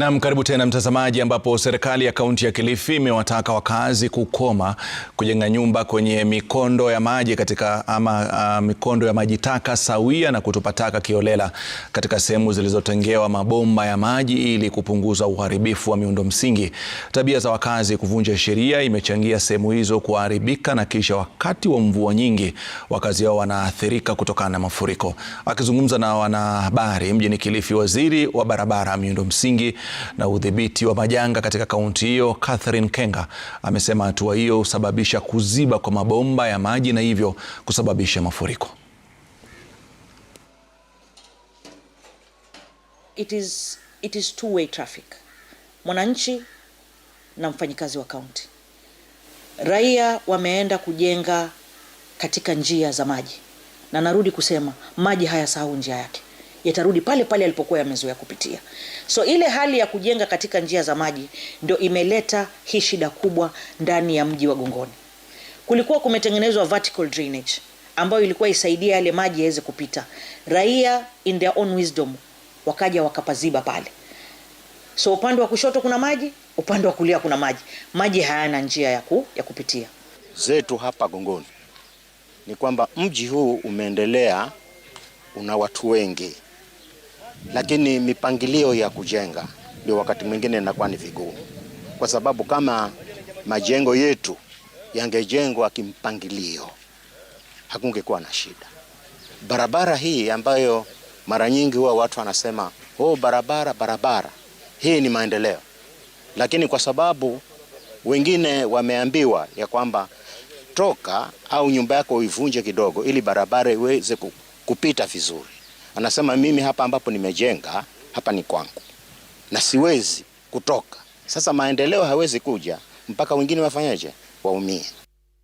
Naam, karibu tena mtazamaji, ambapo serikali ya kaunti ya Kilifi imewataka wakazi kukoma kujenga nyumba kwenye mikondo ya maji katika ama a, ah, mikondo ya maji taka sawia na kutupa taka kiolela katika sehemu zilizotengewa mabomba ya maji ili kupunguza uharibifu wa miundo msingi. Tabia za wakazi kuvunja sheria imechangia sehemu hizo kuharibika na kisha wakati wa mvua nyingi wakazi hao wanaathirika kutokana na mafuriko. Akizungumza na wanahabari mjini Kilifi, waziri wa barabara, miundo msingi na udhibiti wa majanga katika kaunti hiyo, Catherine Kenga amesema hatua hiyo husababisha kuziba kwa mabomba ya maji na hivyo kusababisha mafuriko. It is, it is two-way traffic. Mwananchi na mfanyikazi wa kaunti. Raia wameenda kujenga katika njia za maji, na narudi kusema maji hayasahau njia yake yatarudi pale pale yalipokuwa yamezoea kupitia. So ile hali ya kujenga katika njia za maji ndio imeleta hii shida kubwa ndani ya mji wa Gongoni. Kulikuwa kumetengenezwa vertical drainage ambayo ilikuwa isaidia yale maji yaweze kupita. Raia in their own wisdom wakaja wakapaziba pale. So upande wa kushoto kuna maji, upande wa kulia kuna maji, maji hayana njia ya, ku, ya kupitia. Zetu hapa Gongoni ni kwamba mji huu umeendelea, una watu wengi lakini mipangilio ya kujenga ndio wakati mwingine inakuwa ni vigumu, kwa sababu kama majengo yetu yangejengwa kimpangilio hakungekuwa na shida. Barabara hii ambayo mara nyingi huwa watu wanasema oh, barabara barabara, hii ni maendeleo, lakini kwa sababu wengine wameambiwa ya kwamba toka au nyumba yako uivunje kidogo, ili barabara iweze kupita vizuri. Anasema mimi hapa ambapo nimejenga hapa ni kwangu na siwezi kutoka. Sasa maendeleo hawezi kuja mpaka wengine wafanyeje? Waumie.